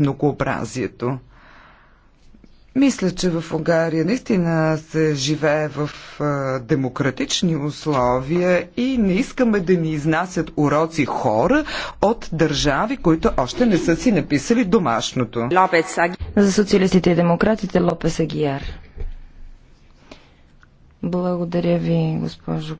многообразието. Мисля, че в Унгария наистина се живее в демократични условия и не искаме да ни изнасят уроци хора от държави, които още не са си написали домашното. За социалистите и демократите Лопес Агияр. Благодаря ви, госпожо